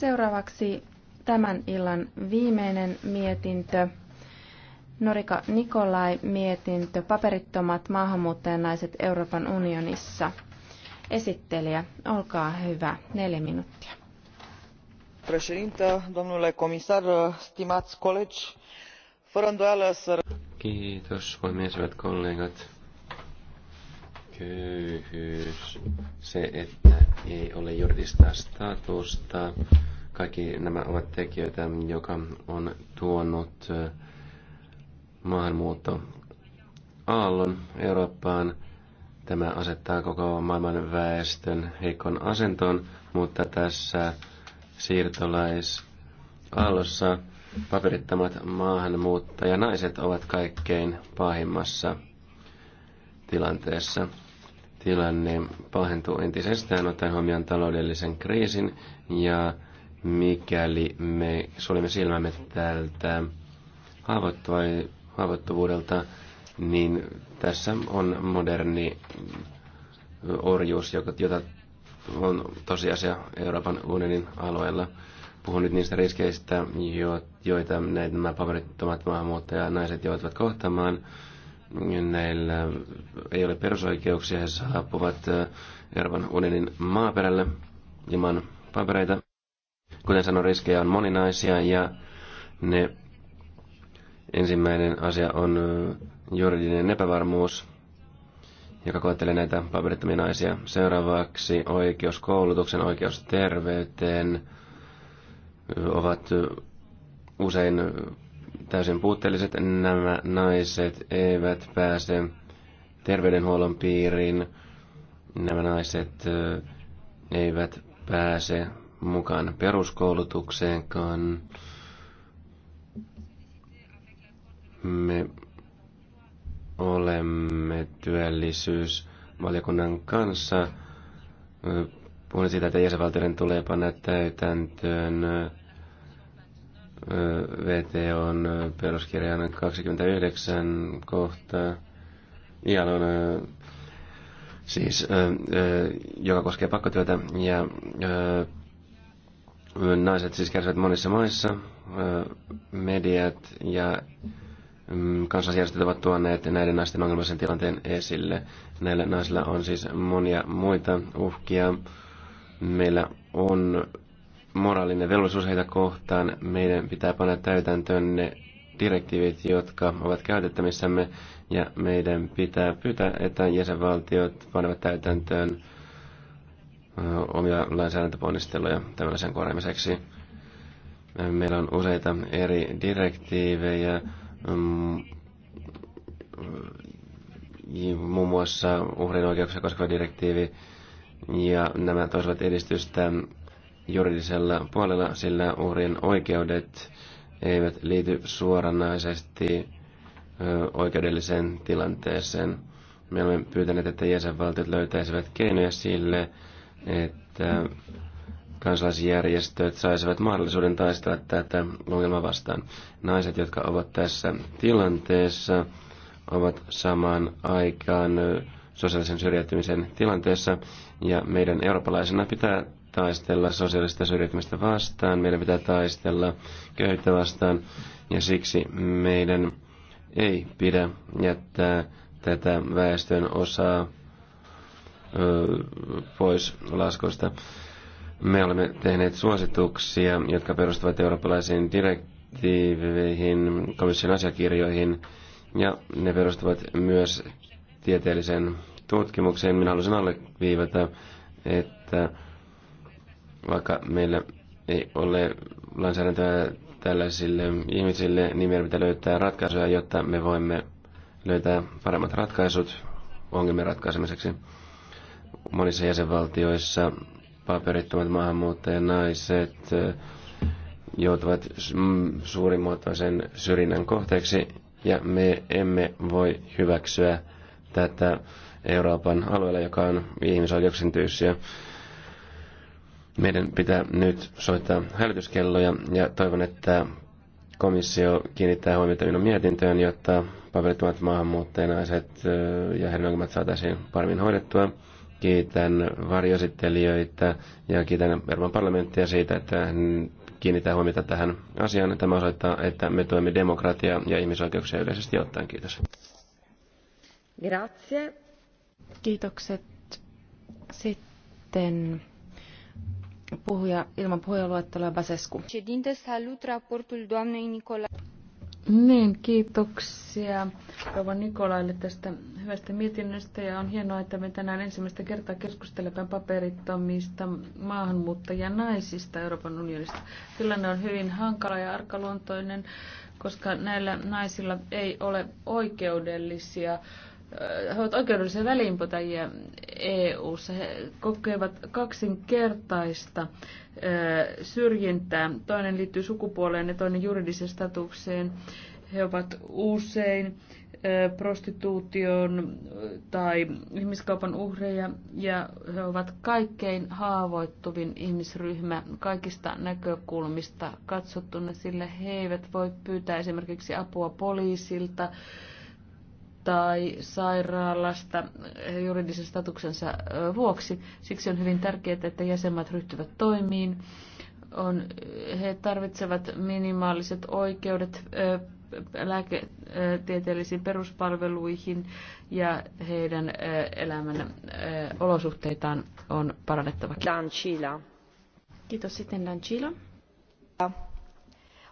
Seuraavaksi tämän illan viimeinen mietintö. Norika Nikolai mietintö Paperittomat maahanmuuttajanaiset Euroopan unionissa. Esittelijä, olkaa hyvä, neljä minuuttia. Președintă, domnule comisar, stimați colegi, fără îndoială să... Kiitos, puhemies, hyvät kollegat. Köyhyys, se, että ei ole juridista statusta, kaikki nämä ovat tekijöitä, joka on tuonut maahanmuutto aallon Eurooppaan. Tämä asettaa koko maailman väestön heikon asentoon, mutta tässä siirtolaisaallossa paperittamat maahanmuuttajanaiset ovat kaikkein pahimmassa tilanteessa. Tilanne pahentuu entisestään ottaen huomioon taloudellisen kriisin ja mikäli me suljemme silmämme tältä haavoittuvuudelta, niin tässä on moderni orjuus, jota on tosiasia Euroopan unionin alueella. Puhun nyt niistä riskeistä, joita nämä paperittomat maahanmuuttajanaiset joutuvat kohtaamaan. Näillä ei ole perusoikeuksia, he saapuvat äh, Euroopan unionin maaperälle ilman papereita. Kuten sanoin, riskejä on moninaisia ja ne ensimmäinen asia on juridinen epävarmuus, joka koettelee näitä paperittomia naisia. Seuraavaksi oikeus koulutuksen, oikeus terveyteen ovat usein täysin puutteelliset. Nämä naiset eivät pääse terveydenhuollon piiriin. Nämä naiset eivät pääse mukaan peruskoulutukseenkaan. Me olemme työllisyysvaliokunnan kanssa Puhun siitä, että jäsenvaltioiden tulee panna täytäntöön VTOn peruskirjan 29 kohtaa. ILOn siis, joka koskee pakkotyötä ja Naiset siis kärsivät monissa maissa. Mediat ja mm, kansalaisjärjestöt ovat tuoneet näiden naisten ongelmallisen tilanteen esille. Näillä naisilla on siis monia muita uhkia. Meillä on moraalinen velvollisuus heitä kohtaan. Meidän pitää panna täytäntöön ne direktiivit, jotka ovat käytettävissämme, ja meidän pitää pyytää, että jäsenvaltiot panevat täytäntöön omia lainsäädäntöponnisteluja tämän asian korjaamiseksi. Meillä on useita eri direktiivejä, mm, muun muassa uhrin oikeuksia koskeva direktiivi, ja nämä toisivat edistystä juridisella puolella, sillä uhrin oikeudet eivät liity suoranaisesti oikeudelliseen tilanteeseen. Me olemme pyytäneet, että jäsenvaltiot löytäisivät keinoja sille, että kansalaisjärjestöt saisivat mahdollisuuden taistella tätä ongelmaa vastaan. Naiset, jotka ovat tässä tilanteessa, ovat samaan aikaan sosiaalisen syrjäytymisen tilanteessa, ja meidän eurooppalaisena pitää taistella sosiaalista syrjäytymistä vastaan, meidän pitää taistella köyhyyttä vastaan, ja siksi meidän ei pidä jättää tätä väestön osaa pois laskuista. Me olemme tehneet suosituksia, jotka perustuvat eurooppalaisiin direktiiveihin, komission asiakirjoihin, ja ne perustuvat myös tieteelliseen tutkimukseen. Minä haluaisin alleviivata, että vaikka meillä ei ole lainsäädäntöä tällaisille ihmisille, niin meidän pitää löytää ratkaisuja, jotta me voimme löytää paremmat ratkaisut ongelmien ratkaisemiseksi monissa jäsenvaltioissa paperittomat naiset eh, joutuvat mm, suurimuotoisen syrjinnän kohteeksi ja me emme voi hyväksyä tätä Euroopan alueella, joka on ihmisoikeuksien tyyssiä. Meidän pitää nyt soittaa hälytyskelloja ja toivon, että komissio kiinnittää huomiota minun mietintöön, jotta paperittomat maahanmuuttajanaiset eh, ja heidän ongelmat saataisiin paremmin hoidettua. Kiitän varjosittelijöitä ja kiitän Euroopan parlamenttia siitä, että kiinnittää huomiota tähän asiaan. Tämä osoittaa, että me tuemme demokratiaa ja ihmisoikeuksia yleisesti ottaen. Kiitos. Grazie. Kiitokset. Sitten puhuja ilman puhujaluettelua Basescu. salut raportul doamnei niin, kiitoksia Rova Nikolaille tästä hyvästä mietinnöstä ja on hienoa, että me tänään ensimmäistä kertaa keskustelemme paperittomista naisista Euroopan unionista. Tilanne on hyvin hankala ja arkaluontoinen, koska näillä naisilla ei ole oikeudellisia äh, he ovat oikeudellisia väliinputajia EU-ssa. He kokevat kaksinkertaista syrjintää. Toinen liittyy sukupuoleen ja toinen juridiseen statukseen. He ovat usein prostituution tai ihmiskaupan uhreja ja he ovat kaikkein haavoittuvin ihmisryhmä kaikista näkökulmista katsottuna, sillä he eivät voi pyytää esimerkiksi apua poliisilta tai sairaalasta juridisen statuksensa vuoksi. Siksi on hyvin tärkeää, että jäsenmaat ryhtyvät toimiin. On, he tarvitsevat minimaaliset oikeudet lääketieteellisiin peruspalveluihin ja heidän elämän olosuhteitaan on parannettava. Lanchila. Kiitos sitten Lanchila.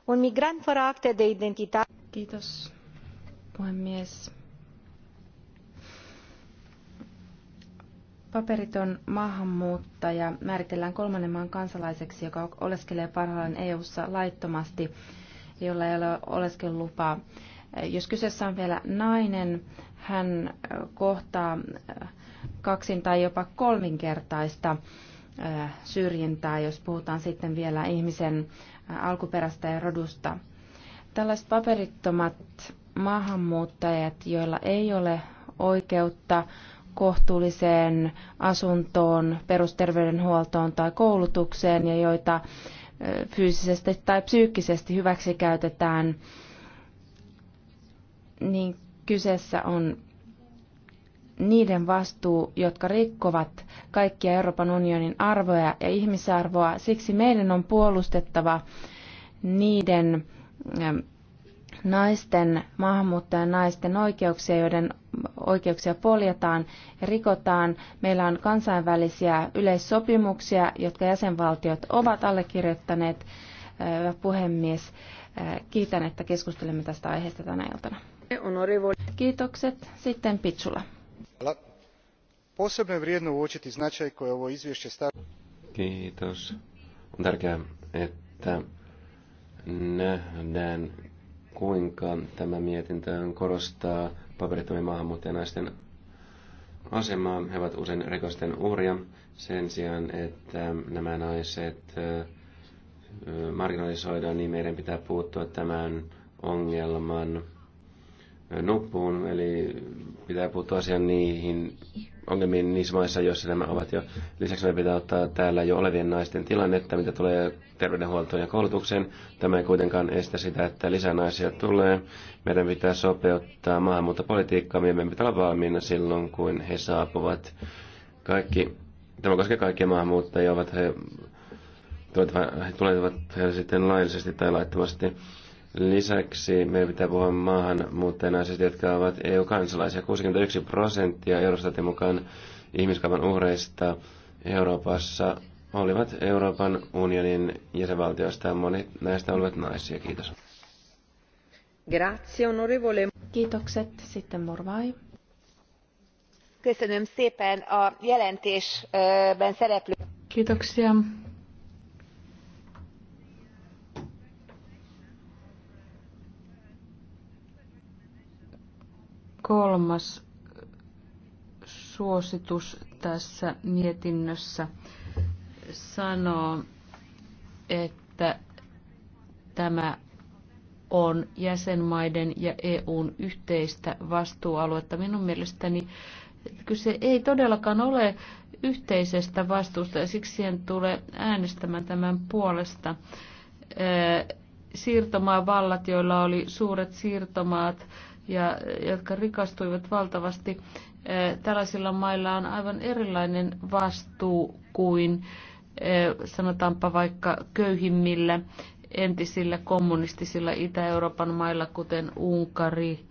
Un migrant fără acte de identitate. Kiitos puhemies Paperiton maahanmuuttaja määritellään kolmannen maan kansalaiseksi, joka oleskelee parhaillaan EU-ssa laittomasti, jolla ei ole oleskelulupaa. Jos kyseessä on vielä nainen, hän kohtaa kaksin tai jopa kolminkertaista äh, syrjintää, jos puhutaan sitten vielä ihmisen äh, alkuperästä ja rodusta. Tällaiset paperittomat maahanmuuttajat, joilla ei ole oikeutta kohtuulliseen asuntoon, perusterveydenhuoltoon tai koulutukseen ja joita fyysisesti tai psyykkisesti hyväksikäytetään, niin kyseessä on niiden vastuu, jotka rikkovat kaikkia Euroopan unionin arvoja ja ihmisarvoa. Siksi meidän on puolustettava niiden naisten, maahanmuuttajan naisten oikeuksia, joiden oikeuksia poljetaan ja rikotaan. Meillä on kansainvälisiä yleissopimuksia, jotka jäsenvaltiot ovat allekirjoittaneet. Hyvä puhemies, kiitän, että keskustelemme tästä aiheesta tänä iltana. Kiitokset. Sitten Pitsula. Kiitos. On tärkeää, että nähdään kuinka tämä mietintö korostaa paperittomien maahanmuuttajien naisten asemaa. He ovat usein rikosten uhria sen sijaan, että nämä naiset marginalisoidaan, niin meidän pitää puuttua tämän ongelman nuppuun, eli pitää puuttua asiaan niihin ongelmiin niissä maissa, joissa nämä ovat jo. Lisäksi meidän pitää ottaa täällä jo olevien naisten tilannetta, mitä tulee terveydenhuoltoon ja koulutukseen. Tämä ei kuitenkaan estä sitä, että lisää naisia tulee. Meidän pitää sopeuttaa maahanmuuttopolitiikkaa, meidän pitää olla valmiina silloin, kun he saapuvat. Kaikki, tämä koskee kaikkia maahanmuuttajia, ovat he tulevat, he tulevat he sitten laillisesti tai laittomasti Lisäksi meidän pitää puhua mutta asioista, jotka ovat EU-kansalaisia. 61 prosenttia Eurostatin mukaan ihmiskaupan uhreista Euroopassa olivat Euroopan unionin jäsenvaltioista. Moni näistä olivat naisia. Kiitos. Grazie, onorevole. Kiitokset. Sitten Morvai. Köszönöm szépen a jelentésben szereplő. Kiitoksia kolmas suositus tässä mietinnössä sanoo, että tämä on jäsenmaiden ja EUn yhteistä vastuualuetta. Minun mielestäni kyse ei todellakaan ole yhteisestä vastuusta ja siksi en tule äänestämään tämän puolesta. Siirtomaavallat, joilla oli suuret siirtomaat, ja jotka rikastuivat valtavasti. Eh, tällaisilla mailla on aivan erilainen vastuu kuin eh, sanotaanpa vaikka köyhimmillä entisillä kommunistisilla Itä-Euroopan mailla, kuten Unkari,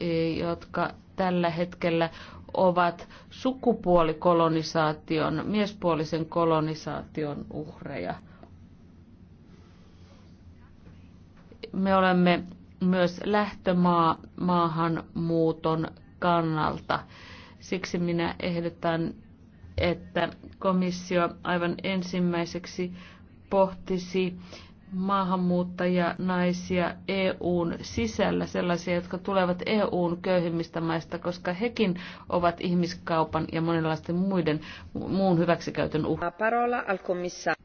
eh, jotka tällä hetkellä ovat sukupuolikolonisaation, miespuolisen kolonisaation uhreja. Me olemme myös lähtömaa maahanmuuton kannalta. Siksi minä ehdotan, että komissio aivan ensimmäiseksi pohtisi maahanmuuttajanaisia EUn sisällä, sellaisia, jotka tulevat EUn köyhimmistä maista, koska hekin ovat ihmiskaupan ja monenlaisten muiden muun hyväksikäytön uhreja.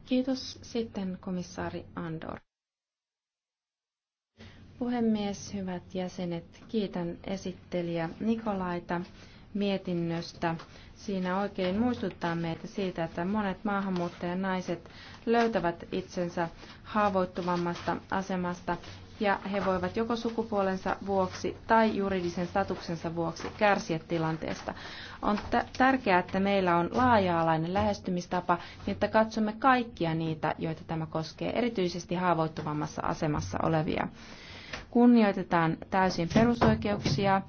Kiitos. Sitten komissaari Andor puhemies, hyvät jäsenet, kiitän esittelijä Nikolaita mietinnöstä. Siinä oikein muistuttaa meitä siitä, että monet maahanmuuttajanaiset löytävät itsensä haavoittuvammasta asemasta ja he voivat joko sukupuolensa vuoksi tai juridisen statuksensa vuoksi kärsiä tilanteesta. On tärkeää, että meillä on laaja-alainen lähestymistapa, niin että katsomme kaikkia niitä, joita tämä koskee, erityisesti haavoittuvammassa asemassa olevia kunnioitetaan täysin perusoikeuksia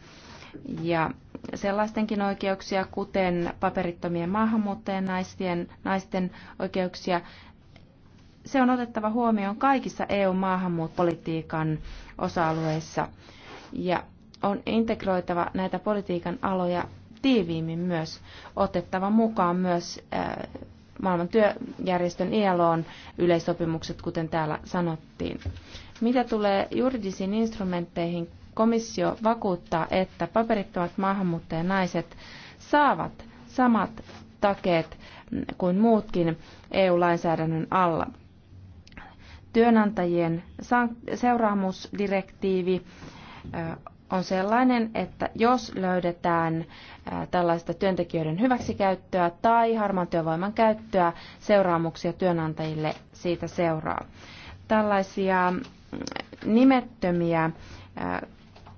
ja sellaistenkin oikeuksia, kuten paperittomien maahanmuuttajien naisten, naisten oikeuksia. Se on otettava huomioon kaikissa EU-maahanmuuttopolitiikan osa-alueissa ja on integroitava näitä politiikan aloja tiiviimmin myös, otettava mukaan myös äh, maailman työjärjestön on yleissopimukset, kuten täällä sanottiin. Mitä tulee juridisiin instrumentteihin, komissio vakuuttaa, että paperittomat maahanmuuttajanaiset saavat samat takeet kuin muutkin EU-lainsäädännön alla. Työnantajien seuraamusdirektiivi on sellainen, että jos löydetään tällaista työntekijöiden hyväksikäyttöä tai harmaan työvoiman käyttöä, seuraamuksia työnantajille siitä seuraa. Tällaisia mm, nimettömiä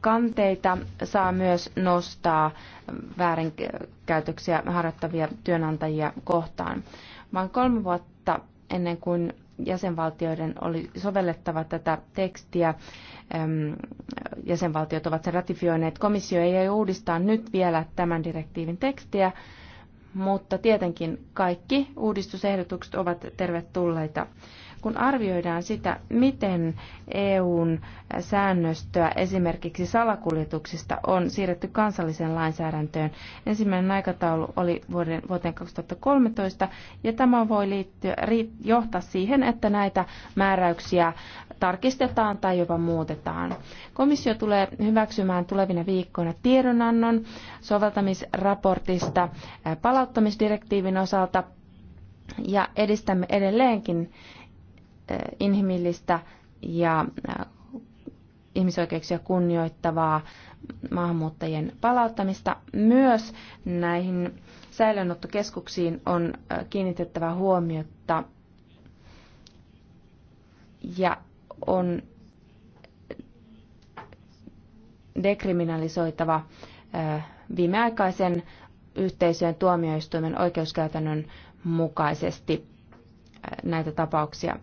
kanteita saa myös nostaa väärinkäytöksiä harjoittavia työnantajia kohtaan. Vain kolme vuotta ennen kuin jäsenvaltioiden oli sovellettava tätä tekstiä. Jäsenvaltiot ovat sen ratifioineet. Komissio ei uudistaa nyt vielä tämän direktiivin tekstiä, mutta tietenkin kaikki uudistusehdotukset ovat tervetulleita kun arvioidaan sitä, miten EUn säännöstöä esimerkiksi salakuljetuksista on siirretty kansalliseen lainsäädäntöön. Ensimmäinen aikataulu oli vuoden, vuoteen 2013 ja tämä voi liittyä, ri, johtaa siihen, että näitä määräyksiä tarkistetaan tai jopa muutetaan. Komissio tulee hyväksymään tulevina viikkoina tiedonannon soveltamisraportista palauttamisdirektiivin osalta ja edistämme edelleenkin inhimillistä ja ihmisoikeuksia kunnioittavaa maahanmuuttajien palauttamista. Myös näihin säilönottokeskuksiin on kiinnitettävä huomiota ja on dekriminalisoitava viimeaikaisen yhteisöjen tuomioistuimen oikeuskäytännön mukaisesti näitä tapauksia.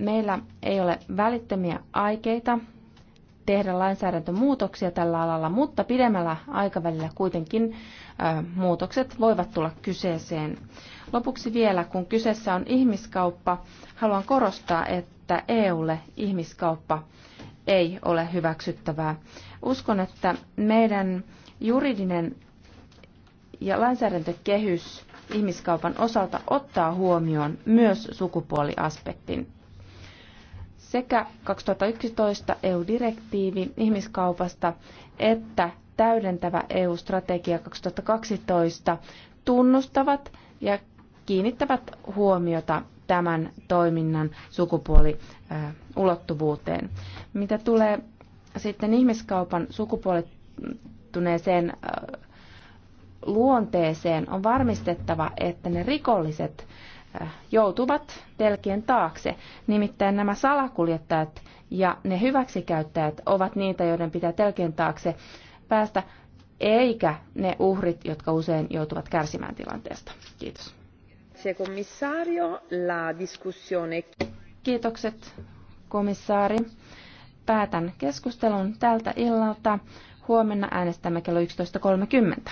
Meillä ei ole välittömiä aikeita tehdä lainsäädäntömuutoksia tällä alalla, mutta pidemmällä aikavälillä kuitenkin muutokset voivat tulla kyseeseen. Lopuksi vielä, kun kyseessä on ihmiskauppa, haluan korostaa, että EUlle ihmiskauppa ei ole hyväksyttävää. Uskon, että meidän juridinen ja lainsäädäntökehys ihmiskaupan osalta ottaa huomioon myös sukupuoliaspektin sekä 2011 EU-direktiivi ihmiskaupasta että täydentävä EU-strategia 2012 tunnustavat ja kiinnittävät huomiota tämän toiminnan sukupuoliulottuvuuteen. Mitä tulee sitten ihmiskaupan sukupuolittuneeseen äh, luonteeseen, on varmistettava, että ne rikolliset Äh, joutuvat telkien taakse. Nimittäin nämä salakuljettajat ja ne hyväksikäyttäjät ovat niitä, joiden pitää telkien taakse päästä, eikä ne uhrit, jotka usein joutuvat kärsimään tilanteesta. Kiitos. Kiitokset, komissaari. Päätän keskustelun tältä illalta. Huomenna äänestämme kello 11.30.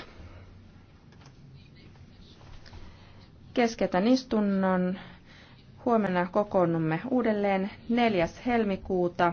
Keskeytän istunnon. Huomenna kokoonnumme uudelleen 4. helmikuuta